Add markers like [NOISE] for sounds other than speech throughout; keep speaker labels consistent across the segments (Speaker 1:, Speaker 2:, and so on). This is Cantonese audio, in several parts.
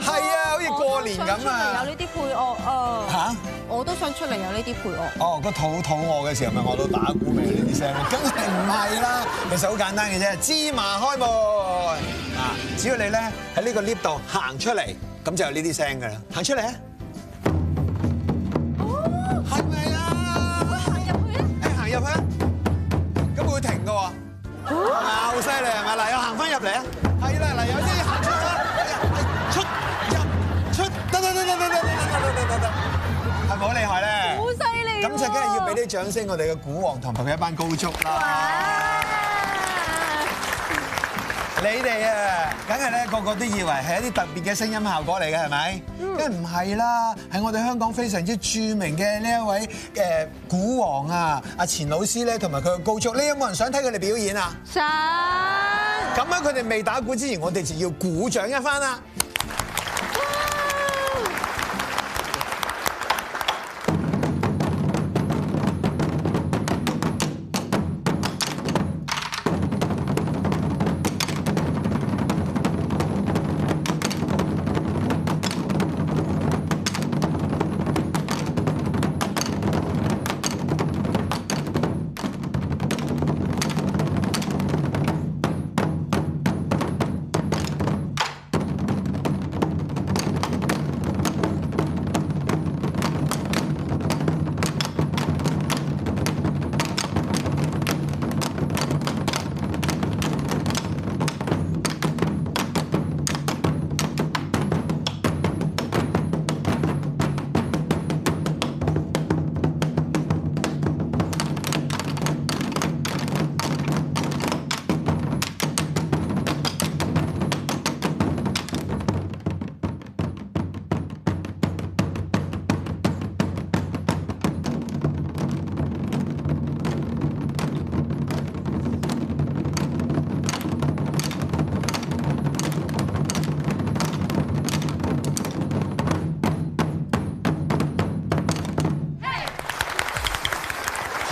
Speaker 1: 係啊，好似過年咁啊！想出嚟有呢啲配樂啊！嚇，我都想出嚟
Speaker 2: 有呢啲配樂。哦，個肚肚餓嘅時候，咪我都打鼓味。呢啲聲呢，梗
Speaker 1: 係唔係啦，
Speaker 2: 其實好簡單嘅啫，芝麻開門啊！只要你咧喺呢個 lift 度行出嚟，咁就有呢啲聲㗎啦，行出嚟。梗係要俾啲掌聲，我哋嘅鼓王同埋佢一班高足啦！你哋啊，梗係咧個個都以為係一啲特別嘅聲音效果嚟嘅，係咪？梗係唔係啦，係我哋香港非常之著名嘅呢一位誒鼓王啊，阿錢老師咧，同埋佢嘅高足，你有冇人想睇佢哋表演啊？
Speaker 1: 想！咁樣
Speaker 2: 佢哋未打鼓之前，我哋就要鼓掌一番啦！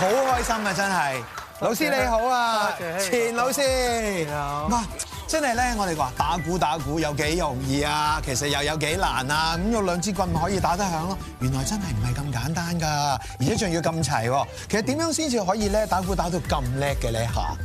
Speaker 2: 好開心啊！真係，謝謝老師你好啊，
Speaker 1: 錢謝老
Speaker 2: 師。哇好，真係咧，我哋話打鼓打鼓有幾容易啊？其實又有幾難啊？咁用兩支棍可以打得響咯。原來真係唔係咁簡單㗎，而且仲要咁齊喎。其實點樣先至可以咧打鼓打到咁叻嘅咧下。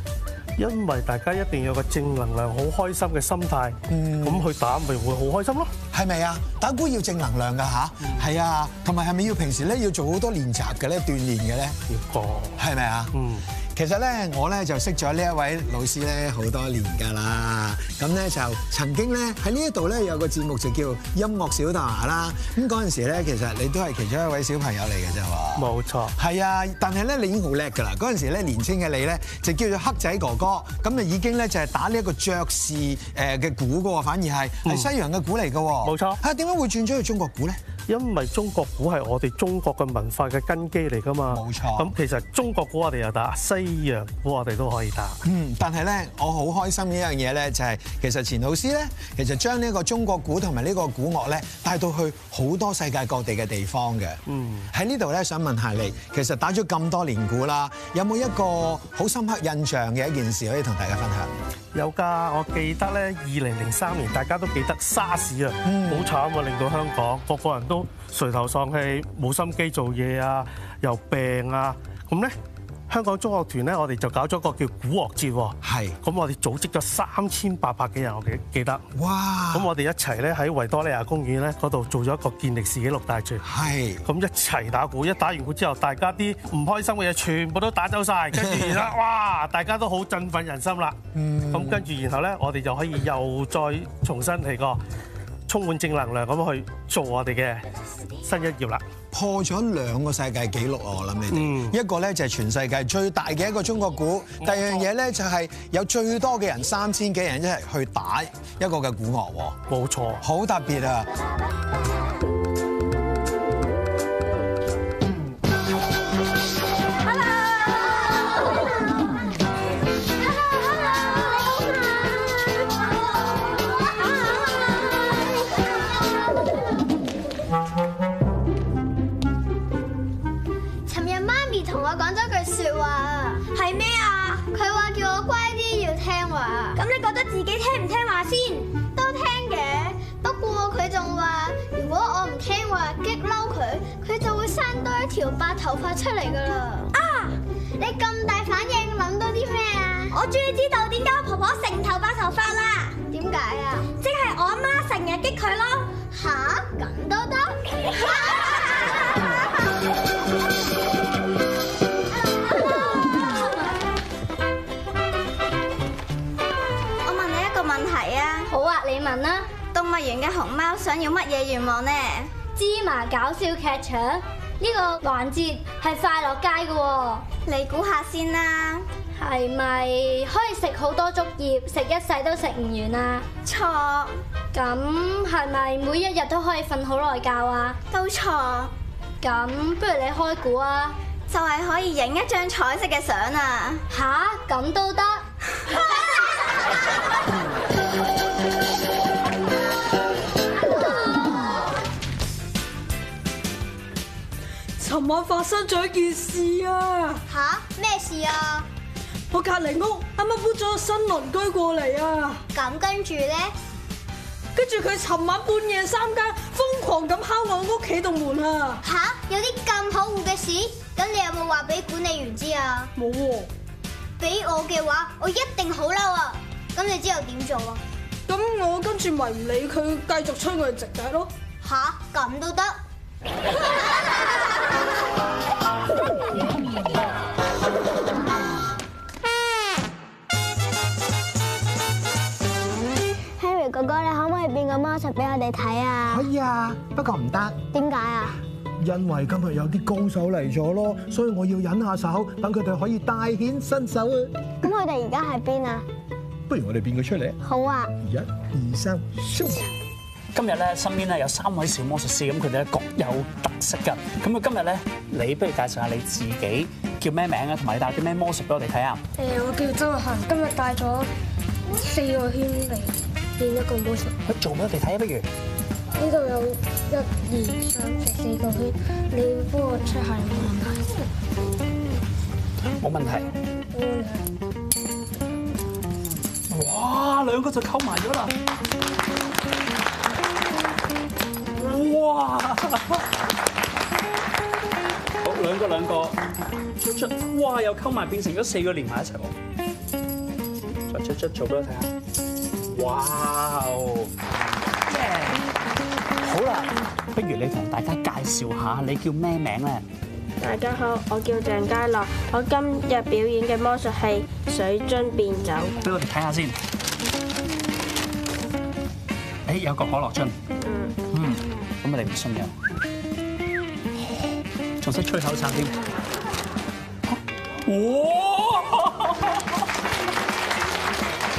Speaker 2: 因為大家一定要有個正能量，好開心嘅心態，咁、嗯、去打咪會好開心咯，係咪啊？打鼓要正能量噶吓？係、嗯、啊，同埋係咪要平時咧要做好多練習嘅咧，鍛鍊嘅咧，哦，呢個，係咪啊？嗯。其實咧，我咧就識咗呢一位老師咧好多年㗎啦。咁咧就曾經咧喺呢一度咧有個節目就叫音樂小豆芽啦。咁嗰陣時咧，其實你都係其中一位小朋友嚟㗎咋喎。冇錯，係啊。但係咧，你已經好叻㗎啦。嗰陣時咧，年青嘅你咧就叫做黑仔哥哥，咁啊已經咧就係打呢一個爵士誒嘅鼓㗎喎，反而係西洋嘅鼓嚟㗎喎。冇錯。啊，點解會轉咗去中國鼓咧？因為中國股係我哋中國嘅文化嘅根基嚟㗎嘛，冇錯。咁其實中國股我哋又打西洋股我哋都可以打。嗯，但係咧，我好開心件事呢樣嘢咧，就係、是、其實錢老師咧，其實將呢個中國股同埋呢個古樂咧，帶到去好多世界各地嘅地方嘅。嗯，喺呢度咧，想問一下你，其實打咗咁多年股啦，有冇一個好深刻印象嘅一件事可以同大家分享？有㗎，我記得咧，二零零三年大家都記得沙士 r s,、嗯、 慘啊，好慘喎，令到香港各個人都～都垂頭喪氣、冇心機做嘢啊，又病啊，咁咧香港中學團咧，我哋就搞咗個叫鼓樂節喎。係，咁我哋組織咗三千八百幾人，我記記得。哇！咁我哋一齊咧喺維多利亞公園咧嗰度做咗個健力士紀錄大賽。係。咁一齊打鼓，一打完鼓之後，大家啲唔開心嘅嘢全部都打走曬，跟住然後哇，大家都好振奮人心啦。嗯。咁跟住然後咧，我哋就可以又再重新嚟過。充滿正能量咁去做我哋嘅新一頁啦！破咗兩個世界紀錄啊！我諗你哋，嗯、一個咧就係全世界最大嘅一個中國鼓，第二樣嘢咧就係有最多嘅人，三千幾人一齊去打一個嘅鼓樂，冇錯，好特別啊！嗯
Speaker 1: 頭髮出嚟噶啦！啊，你咁大反應，諗到啲咩啊？我終於知道點解我婆婆成頭白頭髮啦！點解啊？即係我阿媽成日激佢咯！吓，咁都得、 [LAUGHS] [LAUGHS] 啊？我問你一個問題啊！好啊，你問啦！動物園嘅熊貓想要乜嘢願望呢？芝麻搞笑劇場。呢個環節係快樂街嘅喎，你估下先啦，係咪可以食好多竹葉，食一世都食唔完啊？錯，咁係咪每一日都可以瞓好耐覺啊？都錯，咁不如你開估啊，就係可以影一張彩色嘅相啊，啊，吓？咁都得。尋晚發生咗一件事啊！吓，咩事啊？我隔籬屋啱啱搬咗個新鄰居過嚟啊！咁跟住咧，跟住佢尋晚半夜三更瘋狂咁敲我屋企棟門啊，啊！吓，有啲咁可惡嘅事，咁你有冇話俾管理員知有啊？冇喎。俾我嘅話，我一定好嬲啊！咁你之後點做啊？咁我跟住咪唔理佢，繼續吹我隻笛咯。吓，咁都得。俾我哋睇啊！可以啊，不過唔得。點解啊？
Speaker 2: 因為今日有啲高手嚟咗咯，所以我要忍下手，等佢哋可以大顯身手。啊。咁佢哋而家喺邊啊？
Speaker 1: 不如我哋變佢出嚟。
Speaker 2: 好啊！一
Speaker 1: 二三，show！今日咧，身邊咧有三位小魔術師，咁佢哋咧各有特色㗎。咁啊，今日咧，你不如介紹下你自己叫咩名啊？同埋你帶啲咩魔術俾我哋睇啊？誒，我叫周立行，今日帶咗四個圈嚟。變一個武術，佢做咩你睇啊？不如呢度有一二三四個圈，你幫我出下有冇問題？冇問題。問題哇，兩個就溝埋咗啦！哇！好兩個兩個出出，哇！又溝埋變成咗四個連埋一齊喎。再出出做俾我睇下。哇哦！好啦，不如你同大家介紹下，你叫咩名咧？大家好，我叫鄭嘉樂。我今日表演嘅魔術係水樽變酒。俾我哋睇下先。誒，有個可樂樽。嗯。嗯。咁我哋唔信任？仲識吹口哨添。哇！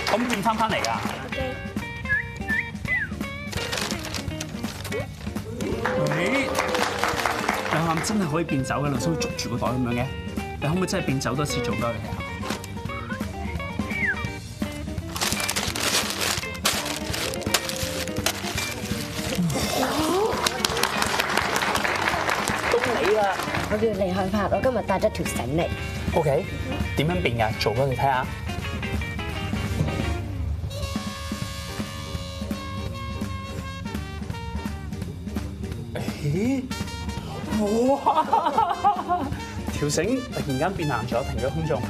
Speaker 1: 咁變返返嚟㗎？你你可唔可以真係可以變走嘅？好似捉住個袋咁樣嘅，你可唔可以真係變走多次做鳩你啊？都你啦，我越嚟害怕，我今日帶咗條繩嚟。OK，點樣變呀？做俾你睇下。咦！哇！條繩突然間變硬咗，停咗空中，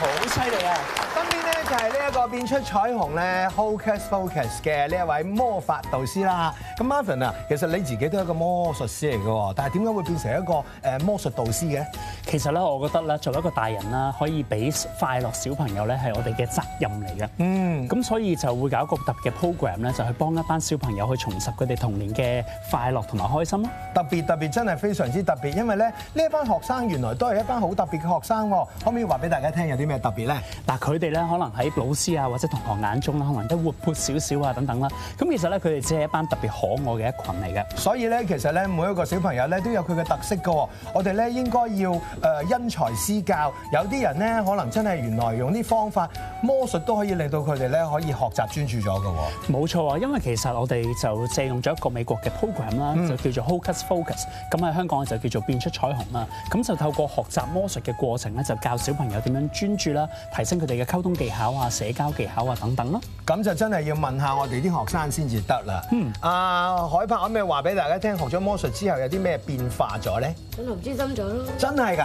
Speaker 2: 好犀利啊！就係呢一個變出彩虹咧，Hocus Focus 嘅呢一位魔法導師啦。咁 Marvin 啊，其實你自己都係一個魔術師嚟嘅喎，
Speaker 1: 但係點解會變成一個誒魔術導師嘅？其實咧，我覺得咧，作為一個大人啦，可以俾快樂小朋友咧，係我哋嘅責任嚟嘅。嗯，咁所以就會搞一個特別嘅 program 咧，就去、是、幫一班小朋友去重拾佢哋童年嘅快樂同埋開心咯。特別特別
Speaker 2: 真係非常之特別，因為咧呢一班學生原來都係一班好特別嘅學生喎。可唔可以話俾大家
Speaker 1: 聽有啲咩特別咧？嗱，佢哋咧可能。喺老師啊或者同學眼中啦，可能都活潑少少啊等等啦。咁其實咧，佢哋只係一班特別可愛嘅一群嚟嘅。所以咧，其實咧，每一個小朋友
Speaker 2: 咧都有佢嘅特色嘅。我哋咧應該要誒因材施教。有啲人咧可能真係原來用啲方法、魔術都可以令到佢哋咧可以學習專注咗嘅。
Speaker 1: 冇錯啊，因為其實我哋就借用咗一個美國嘅 program 啦，就叫做 Hocus Focus。咁喺香港就叫做變出彩虹啊。咁就透過學習魔術嘅過程咧，就教小朋友點樣專注啦，提升佢哋嘅溝通技巧。考啊，社交技巧啊，等等咯。咁就真係要問下我
Speaker 2: 哋啲學生先至得啦。嗯。啊，海柏，我咩話俾大家聽？學咗魔術之後有啲咩變化咗咧？
Speaker 1: 咁唔
Speaker 2: 知心咗咯。真係㗎？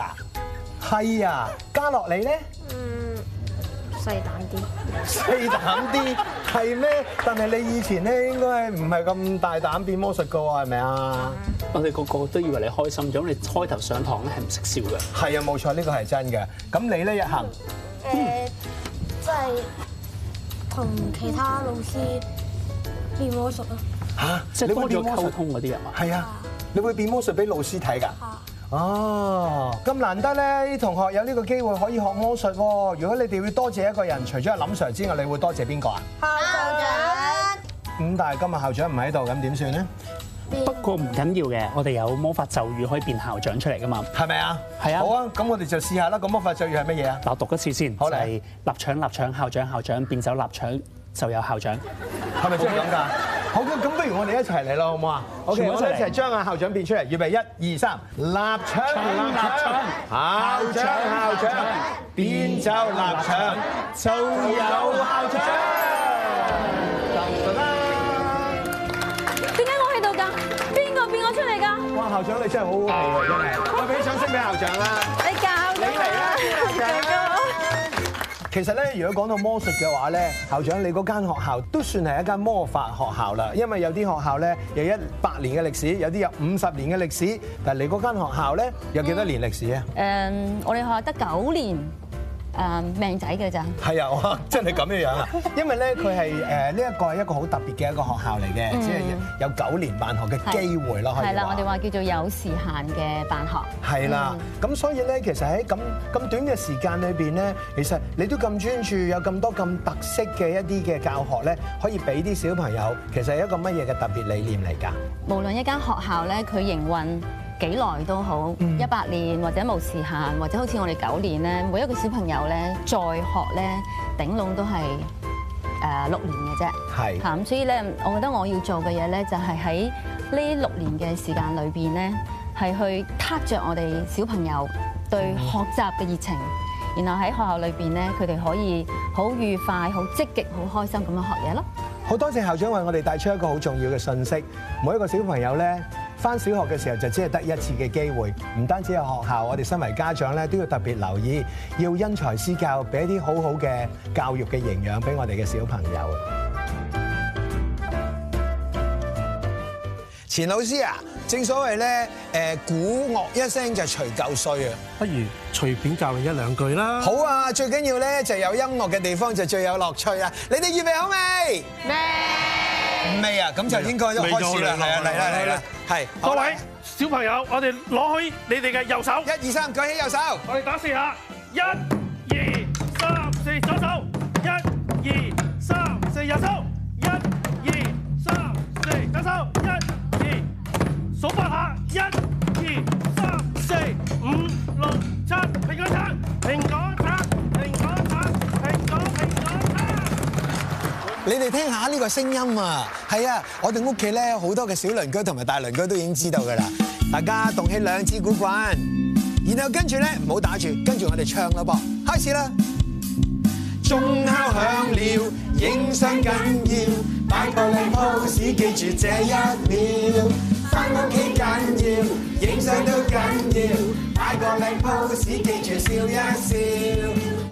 Speaker 2: 係啊。嘉樂，你
Speaker 1: 咧？嗯，細膽啲。細膽啲
Speaker 2: 係咩？但係你以前咧應該係唔係咁大膽變魔術嘅喎？係咪啊？嗯、我哋個個都以為你開心咗，你開頭上堂咧係唔識笑嘅。係啊，冇錯，這個、是呢個係真嘅。咁你咧，一行。嗯呃即係同其他老師變魔術，你會變魔術咯。吓，即係幫助溝通啲啊？係啊，你會變魔術俾老師睇噶？啊，哦，咁難得咧，啲同學有呢個機會可以學魔術、啊。如果你哋要多謝一個人，除咗阿林 Sir 之外，你會多謝邊個啊？校長。咁但係今日校長唔喺度，咁點算咧？不過唔緊要嘅，我哋有魔法
Speaker 1: 咒語可以變校長出嚟㗎嘛是嗎？
Speaker 2: 係咪是啊？係啊！好啊，咁我哋就試下啦。個魔法咒語係乜嘢啊？
Speaker 1: 嗱，讀一次先，係、就是、臘腸臘腸校長校長變走臘腸就有校長，係
Speaker 2: 咪咁㗎？
Speaker 1: 好嘅，咁不如我哋一齊嚟咯，好唔好啊？我哋一齊將阿校長變出嚟，要咪？一
Speaker 2: 二三，臘腸校長校長校
Speaker 1: 長，變走臘
Speaker 2: 腸就有校長。校長你真係好好戲喎，真係。我俾啲掌聲俾校長啦。你教嘅嚟啦，其實咧，如果講到魔術嘅話咧，校長你嗰間學校都算係一間魔法學校啦。因為有啲學校咧，有一百年嘅歷史，有啲有五十年嘅歷史，但係你嗰間學校咧有幾多年歷史啊？誒，我哋學校得九年。誒命仔嘅咋？係啊，真係咁樣樣啊！因為咧，佢係誒呢一個係一個好特別嘅一個學校嚟嘅，即係有九年辦學嘅機會咯，係係啦，
Speaker 1: 我哋話叫做有時限嘅辦學，對。係啦，
Speaker 2: 咁所以咧，其實喺咁咁短嘅時間裏邊咧，其實你都咁專注，有咁多咁特色嘅一啲嘅教學咧，可以俾啲小朋友，其實係一個乜嘢嘅特別嘅理念嚟㗎？
Speaker 1: 無論一間學校咧，佢營運。幾耐都好，一百年或者冇時限，或者好似我哋九年咧，每一個小朋友咧，再學咧，頂籠都係誒六年嘅啫。係嚇，咁所以咧，我覺得我要做嘅嘢咧，就係喺呢六年嘅時間裏邊咧，係去卡着我哋小朋友對學習嘅熱情，然後喺學校裏邊咧，佢哋可以好愉快、好積極、好開心咁樣學嘢咯。
Speaker 2: 好多謝校長為我哋帶出一個好重要嘅信息，每一個小朋友咧，翻小學嘅時候就只係得一次嘅機會，唔單止係學校，我哋身為家長咧都要特別留意，要因材施教，俾啲好好嘅教育嘅營養俾我哋嘅小朋友。錢老師啊，正所謂咧，誒、呃，鼓樂一聲就除舊歲啊，不如隨便教你一兩句啦。好啊，最緊要咧就有音樂嘅地方就最有樂趣啊。你哋預備好未？未未啊，咁就應該都開始啦，嚟啦，嚟啦。係，各位小朋友，我哋攞開你哋嘅右手，一二三，舉起右手。我哋打四下，一、二、三、四，左手；一、二、三、四，右手；一、二、三、四，左手；一、二，數翻下，一、二、
Speaker 1: 三、四、五、六。
Speaker 2: 你哋聽下呢個聲音啊，係啊，我哋屋企咧好多嘅小鄰居同埋大鄰居都已經知道㗎啦。大家動起兩支鼓棍，然後跟住咧唔好打住，跟住我哋唱咯噃，開始啦！鐘敲響了，影相緊要，擺個靚 pose，記住這一秒，翻屋企緊要，影相都緊要，擺個靚 pose，記住笑一笑。